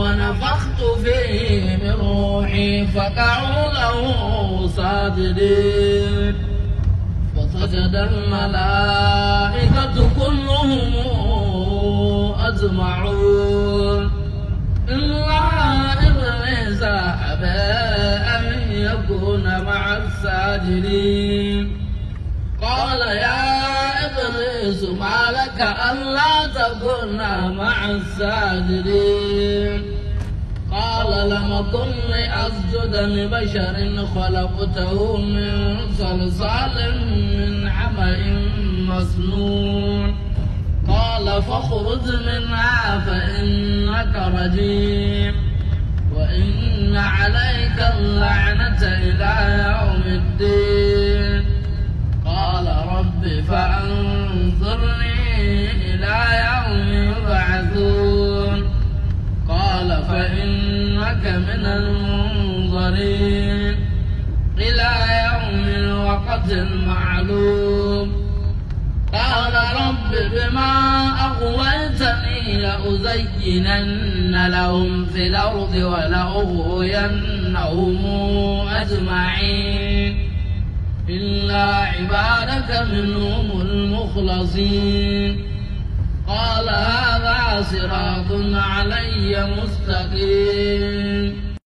ونفخت فيه من روحي فقعوا له ساجدين فسجد الملائكة كلهم أجمعون إلا إبليس أبى أن يكون مع الساجدين قال يا إبليس ما لك ألا تكون مع الساجدين قال لم أكن أسجد لبشر خلقته من صلصال من حمأ مسنون قال فاخرج منها فإنك رجيم وإن عليك اللعنة إلى يوم الدين فإنك من المنظرين إلى يوم الوقت المعلوم قال رب بما أغويتني لأزينن لهم في الأرض ولأغوينهم أجمعين إلا عبادك منهم المخلصين قال صراط علي مستقيم